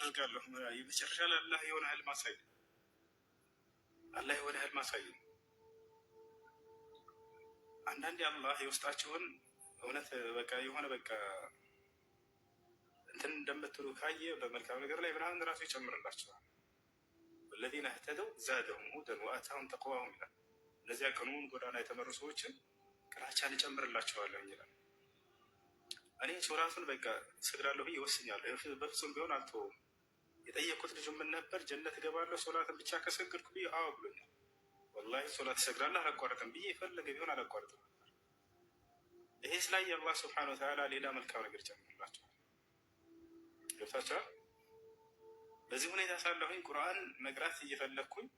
አደርጋለሁ። የመጨረሻ ላይ አላህ የሆነ ህልም አሳይ፣ አላህ የሆነ ህልም አሳይ። አንዳንዴ አላህ የውስጣቸውን እውነት በቃ የሆነ በቃ እንትን እንደምትሉ ካየ በመልካም ነገር ላይ ብርሃን ራሱ ይጨምርላቸዋል። ወለዚነ እህተደው ዛደሁም ሁደን ወአታሁም ተቅዋሁም ይላል። እነዚያ ቀኑን ጎዳና የተመሩ ሰዎችን ቅራቻን እጨምርላቸዋለሁ ይላል። እኔ ሶላቱን በቃ ስግራለሁ ብዬ ወስኛለሁ። በፍጹም ቢሆን አልተወውም። የጠየቅኩት ልጁ ምን ነበር ጀነት እገባለሁ ሶላትን ብቻ ከሰገድኩ ብዬ አዎ ብሎኛል። ወላሂ ሶላት እሰግዳለሁ አላቋረጥም ብዬ የፈለገ ቢሆን አላቋረጥም ነበር። ይሄ ስላይ የአላህ ስብሐነሁ ወተዓላ ሌላ መልካም ነገር ጨምርላቸዋል። ገብታቸዋል። በዚህ ሁኔታ ሳለሁኝ ቁርአን መቅራት እየፈለግኩኝ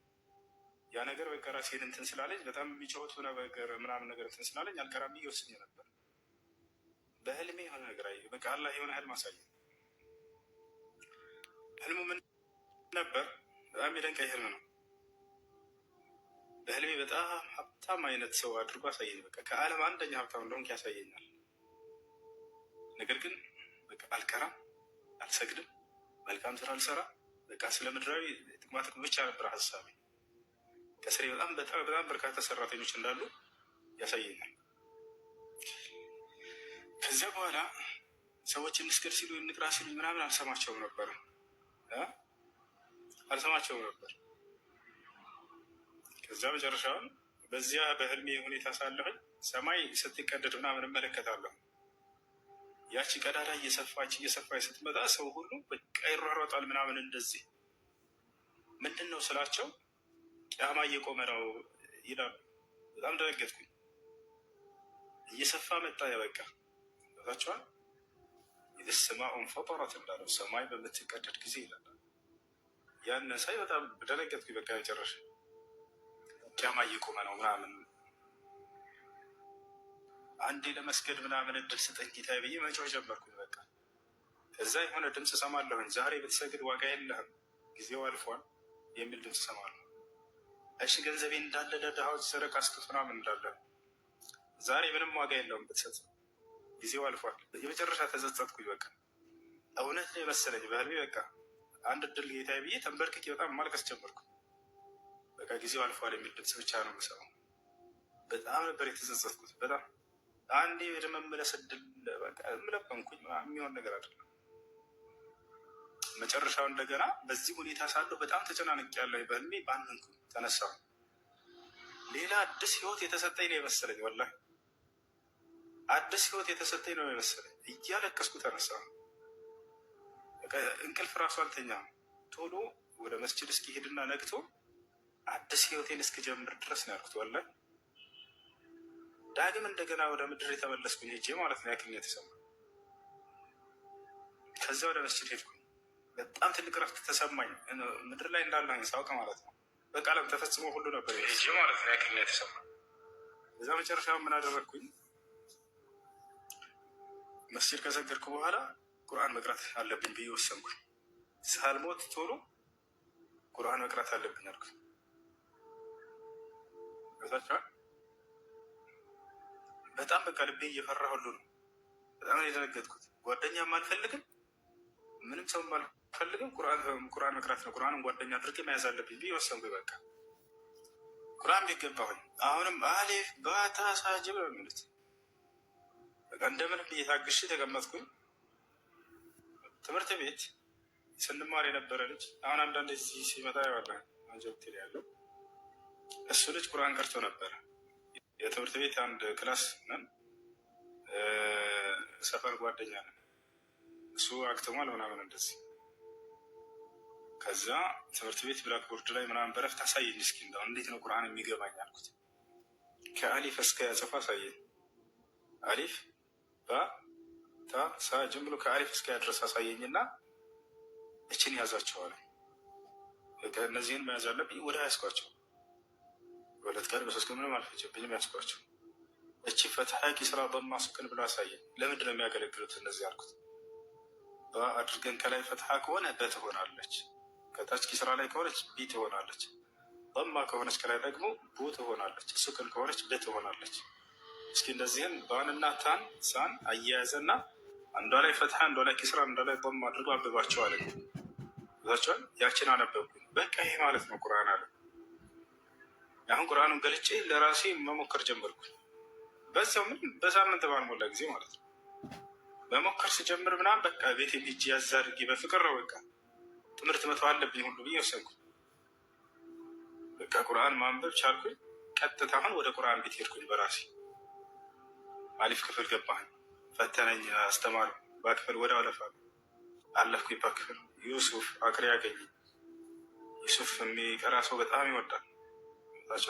ያ ነገር በቃ ራሴን እንትን ስላለኝ በጣም የሚጫወቱ ነገር ምናምን ነገር እንትን ስላለኝ አልቀራም ብዬ ወስኜ ነበር። በህልሜ የሆነ ነገር አየሁ። በቃ አላህ የሆነ ህልም አሳየኝ። ህልሙ ምን ነበር? በጣም የደንቀኝ ህልም ነው። በህልሜ በጣም ሀብታም አይነት ሰው አድርጎ አሳየኝ። በቃ ከዓለም አንደኛ ሀብታም እንደሆንክ ያሳየኛል። ነገር ግን በቃ አልቀራም፣ አልሰግድም፣ መልካም ስራ አልሰራ። በቃ ስለ ምድራዊ ጥቅማ ጥቅም ብቻ ነበር ሀሳቤ። ከስሬ በጣም በጣም በርካታ ሰራተኞች እንዳሉ ያሳየኛል። ከዚያ በኋላ ሰዎች እንስገድ ሲሉ እንቅራ ሲሉ ምናምን አልሰማቸውም ነበረ። አልሰማቸውም ነበር። ከዛ መጨረሻውን በዚያ በህልሜ ሁኔታ ሳለሁኝ ሰማይ ስትቀደድ ምናምን እመለከታለሁ። ያቺ ቀዳዳ እየሰፋች እየሰፋች ስትመጣ ሰው ሁሉ በቃ ይሯሯጣል ምናምን። እንደዚህ ምንድን ነው ስላቸው ቅያማ እየቆመ ነው ይላሉ። በጣም ደነገጥኩኝ። እየሰፋ መጣ። ያበቃ ታቸዋል ስማኡን ፈጠረት እንዳለው ሰማይ በምትቀደድ ጊዜ ይላል። ያን ሳይ በጣም ደነገጥኩ። በቃ ጨረሽ ቂያማ እየቆመ ነው ምናምን አንዴ ለመስገድ ምናምን እድል ስጠኝ ጌታ ብዬ መጮህ ጀመርኩኝ። በቃ እዛ የሆነ ድምፅ ሰማለሁኝ። ዛሬ ብትሰግድ ዋጋ የለህም ጊዜው አልፏል የሚል ድምፅ ሰማለሁ። እሺ ገንዘቤ እንዳለ ለድሃዎች ሰረቅ አስክፍናም እንዳለ ዛሬ ምንም ዋጋ የለውም ብትሰጥ ጊዜው አልፏል። የመጨረሻ ተዘጸትኩኝ። በቃ እውነት ነው የመሰለኝ በህልሜ በቃ አንድ ድል ጌታ ብዬ ተንበርክኬ በጣም ማልቀስ ጀመርኩ። በቃ ጊዜው አልፏል የሚል ድምፅ ብቻ ነው የምሰማው። በጣም ነበር የተዘጸጥኩት። በጣም አንዴ ወደ መመለስ በቃ ምለበንኩኝ። የሚሆን ነገር አይደለም። መጨረሻው እንደገና በዚህ ሁኔታ ሳለሁ በጣም ተጨናንቅ ያለሁ በህልሜ ባንንኩ ተነሳሁ። ሌላ አዲስ ህይወት የተሰጠኝ ነው የመሰለኝ ወላሂ አዲስ ህይወት የተሰጠኝ ነው የመሰለኝ። እያለቀስኩ ተነሳ። እንቅልፍ ራሱ አልተኛም። ቶሎ ወደ መስጅድ እስኪሄድና ነግቶ አዲስ ህይወቴን እስክጀምር ድረስ ነው ያልኩት። ወላሂ ዳግም እንደገና ወደ ምድር የተመለስኩኝ ሄጄ ማለት ነው ያክል የተሰማ። ከዚያ ወደ መስጅድ ሄድኩኝ። በጣም ትልቅ ረፍት ተሰማኝ። ምድር ላይ እንዳለኝ ሳውቅ ማለት ነው በቃለም ተፈጽሞ ሁሉ ነበር ሄጄ ማለት ነው ያክል የተሰማ። እዛ መጨረሻ ምን አደረግኩኝ? መስጅድ ከሰገድኩ በኋላ ቁርአን መቅራት አለብኝ ብዬ ወሰንኩኝ። ሳልሞት ቶሎ ቁርአን መቅራት አለብኝ አልኩት። ከዛቸዋል በጣም በቃ ልቤ እየፈራ ሁሉ ነው። በጣም የደነገጥኩት ጓደኛም አልፈልግም፣ ምንም ሰው አልፈልግም። ቁርአን መቅራት ነው። ቁርአንን ጓደኛ አድርጌ መያዝ አለብኝ ብዬ ወሰንኩኝ። በቃ ቁርአን ቢገባሁኝ አሁንም አሌፍ ባታ ሳጅብ የሚሉት እንደምን እንደምንም እየታግሽ ትምህርት ቤት ስንማር የነበረ ልጅ አሁን አንዳንድ እዚህ ሲመጣ ያዋለ አንጀብት ያለው እሱ ልጅ ቁርአን ቀርቶ ነበረ። የትምህርት ቤት አንድ ክላስ ነን፣ ሰፈር ጓደኛ ነን። እሱ አክትሟል ምናምን እንደዚህ። ከዛ ትምህርት ቤት ብላክቦርድ ላይ ምናምን በረፍት ታሳየኝ እስኪ እንደው እንዴት ነው ቁርአን የሚገባኝ አልኩት። ከአሊፍ እስከ ያጽፋ አሳየኝ አሊፍ ጅም ብሎ ከአሊፍ እስከ ድረስ አሳየኝና እችን ያዛቸዋል። እነዚህን መያዝ አለብኝ። ወደ ያስኳቸው በሁለት ቀን በሶስት ቀን ምንም አልፈጀብኝም። ያስኳቸው እቺ ፈትሐ ኪስራ በማ ሱክን ብሎ አሳየ ለምንድን ነው የሚያገለግሉት እነዚህ አልኩት። አድርገን ከላይ ፈትሐ ከሆነ በ ትሆናለች፣ ከታች ኪስራ ላይ ከሆነች ቢ ትሆናለች፣ በማ ከሆነች ከላይ ደግሞ ቡ ትሆናለች፣ ሱክን ከሆነች ብ ትሆናለች። እስኪ እንደዚህም ባንና ታን ሳን አያያዘና አንዷ ላይ ፈትሐ አንዷ ላይ ኪስራ አንዷ ላይ ጦም አድርጎ አለ ዛቸዋል ያችን አነበብኩ በቃ ይሄ ማለት ነው ቁርአን አለ። አሁን ቁርአኑን ገልጬ ለራሴ መሞከር ጀመርኩኝ። በዛው ምን በሳምንት ባልሞላ ጊዜ ማለት ነው መሞከር ስጀምር ምናምን በቃ ቤት ሂጅ ያዛርጌ በፍቅር ነው በቃ ትምህርት መተው አለብኝ ሁሉ ብዬ ወሰንኩ። በቃ ቁርአን ማንበብ ቻልኩኝ። ቀጥታ አሁን ወደ ቁርአን ቤት ሄድኩኝ በራሴ አሊፍ ክፍል ገባህን ፈተነኝ አስተማር በክፍል ወደ አለፋ አለፍኩ በክፍል ዩሱፍ አክሪ ያገኘ ዩሱፍ የሚቀራ ሰው በጣም ይወዳል ታቻ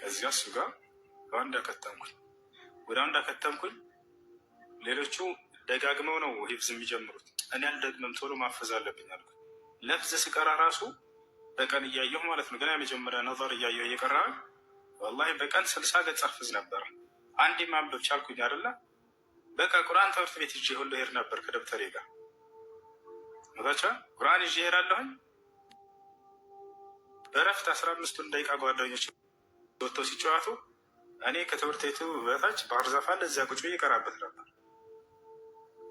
ከዚያ እሱ ጋር በአንድ አከተምኩኝ ወደ አንድ አከተምኩኝ ሌሎቹ ደጋግመው ነው ሂብዝ የሚጀምሩት እኔ አልደግመም ቶሎ ማፈዝ አለብኝ አልኩ ለፍዝ ስቀራ ራሱ በቀን እያየሁ ማለት ነው ገና የመጀመሪያ ነር እያየሁ እየቀራ ወላሂ በቀን ስልሳ ገጽ አፍዝ ነበረ አንድ ማንበብ አልኩኝ አይደለ? በቃ ቁርአን ትምህርት ቤት ይዤ ሁሉ ሄድ ነበር ከደብተሬ ጋር ታቻ ቁርአን ይዤ ሄዳለሁኝ። በረፍት አስራ አምስቱን ደቂቃ ጓደኞች ወጥተው ሲጨዋቱ እኔ ከትምህርት ቤቱ በታች ባህር ዛፍ አለ እዚያ ቁጭ ብዬ ቀራበት ነበር።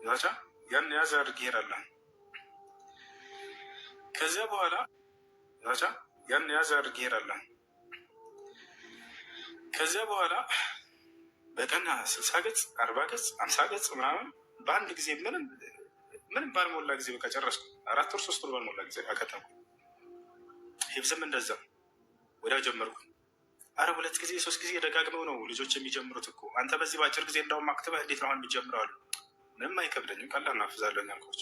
ታቻ ያን ያዝ አድርጌ ሄዳለሁኝ። ከዚያ በኋላ ታቻ ያን ያዝ አድርጌ ሄዳለሁኝ። ከዚያ በኋላ በቀን ስልሳ ገጽ አርባ ገጽ አምሳ ገጽ ምናምን በአንድ ጊዜ ምንም ምንም ባልሞላ ጊዜ በቃ ጨረስኩ። አራት ወር ሶስት ወር ባልሞላ ጊዜ አከተምኩ። ሂፍዝም እንደዛ ወዲያው ጀመርኩ። አረ ሁለት ጊዜ ሶስት ጊዜ ደጋግመው ነው ልጆች የሚጀምሩት እኮ አንተ በዚህ በአጭር ጊዜ እንዳውም አክትበህ እንዴት ነው አሁን የሚጀምረው አሉ። ምንም አይከብደኝም፣ ቀላል እናፍዛለን ያልኳች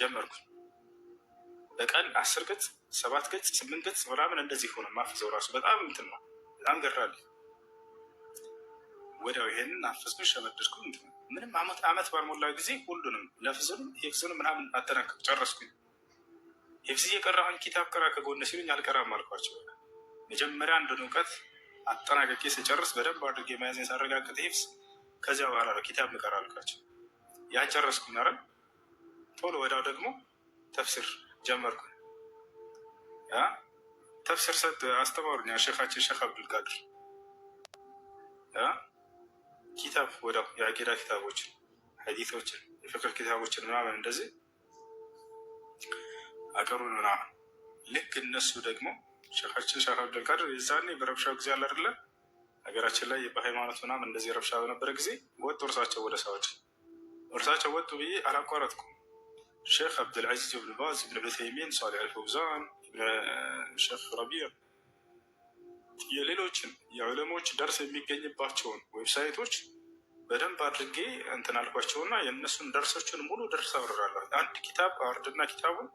ጀመርኩ። በቀን አስር ገጽ ሰባት ገጽ ስምንት ገጽ ምናምን እንደዚህ ሆነ ማፍዘው ራሱ በጣም እንትን ነው በጣም ገራል ወዲያው ይሄንን አፈስኩ አፈስኩኝ ሸመደድኩኝ። ምንም አመት አመት ባልሞላው ጊዜ ሁሉንም ነፍስን የፍዝን ምናምን አጠናቀቅ ጨረስኩኝ። የፍዝ እየቀራሁኝ ኪታብ ቀራ ከጎነ ሲሉኝ አልቀራም አልኳቸው። መጀመሪያ አንድን እውቀት አጠናቀቄ ስጨርስ በደንብ አድርጌ መያዝን ሳረጋግጥ ኤክስ ከዚያ በኋላ ነው ኪታብ ምቀራ አልኳቸው። ያን ጨረስኩኝ። አረ ቶሎ ወዳው ደግሞ ተፍሲር ጀመርኩኝ። ተፍሲር ሰጥ አስተማሩኝ ሼኻችን ሼክ አብዱልቃድር ኪታብ ወደ የአቂዳ ኪታቦችን፣ ሀዲቶችን፣ የፍቅር ኪታቦችን ምናምን እንደዚህ አቀሩን ምናምን ልክ እነሱ ደግሞ ሸካችን ሸክ አብደልቃድር የዛኔ በረብሻው ጊዜ አለ ሀገራችን ላይ በሃይማኖት ምናምን እንደዚህ ረብሻ በነበረ ጊዜ ወጡ እርሳቸው ወደ ሰዎች እርሳቸው ወጡ ብዬ አላቋረጥኩም። ሼክ አብድልዓዚዝ ብን ባዝ፣ ብን ዑተይሚን፣ ሳሌሕ አልፈውዛን፣ ሼክ ረቢዕ የሌሎችን የዕለሞች ደርስ የሚገኝባቸውን ዌብሳይቶች በደንብ አድርጌ እንትን አልኳቸውና የእነሱን ደርሶችን ሙሉ ደርስ አብራራለሁ። አንድ ኪታብ አወርድና ኪታቡን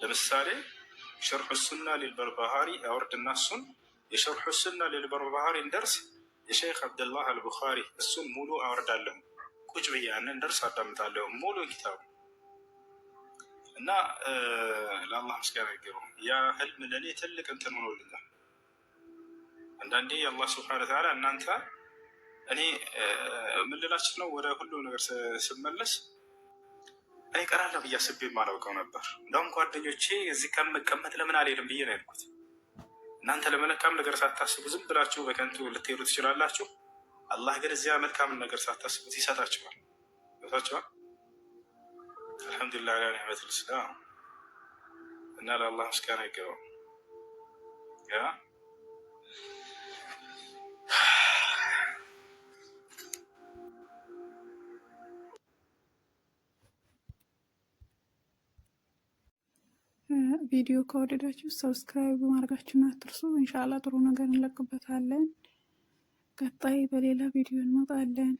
ለምሳሌ ሸርሑ ሱና ሊልበርባሃሪ አወርድና እሱን የሸርሑ ሱና ሊልበርባሃሪን ደርስ የሼክ አብደላህ አልቡኻሪ እሱን ሙሉ አወርዳለሁ። ቁጭ ብዬ ያንን ደርስ አዳምጣለሁ ሙሉ ኪታቡ እና ለአላህ ምስጋና ይገባው። ያ ህልም ለእኔ ትልቅ እንትን ሆኖልኛል። አንዳንዴ አላህ ስብሐነ ተዓላ እናንተ እኔ ምን ነው፣ ወደ ሁሉ ነገር ስመለስ እኔ ቀራለሁ ብዬ አስቤ የማላውቀው ነበር። እንደውም ጓደኞቼ እዚህ ከመቀመጥ ለምን አልሄድም ብዬ ነው ያልኩት። እናንተ ለመልካም ነገር ሳታስቡ ዝም ብላችሁ በከንቱ ልትሄዱ ትችላላችሁ። አላህ ግን እዚያ መልካምን ነገር ሳታስቡት ይሰጣችኋል። ይወታችኋል። አልሐምዱሊላህ ላ ኒዕመት ልስላም እና ለአላህ ምስጋና ይገባው። ቪዲዮ ከወደዳችሁ ሰብስክራይብ ማድረጋችሁን አትርሱ። እንሻላ ጥሩ ነገር እንለቅበታለን። ቀጣይ በሌላ ቪዲዮ እንመጣለን።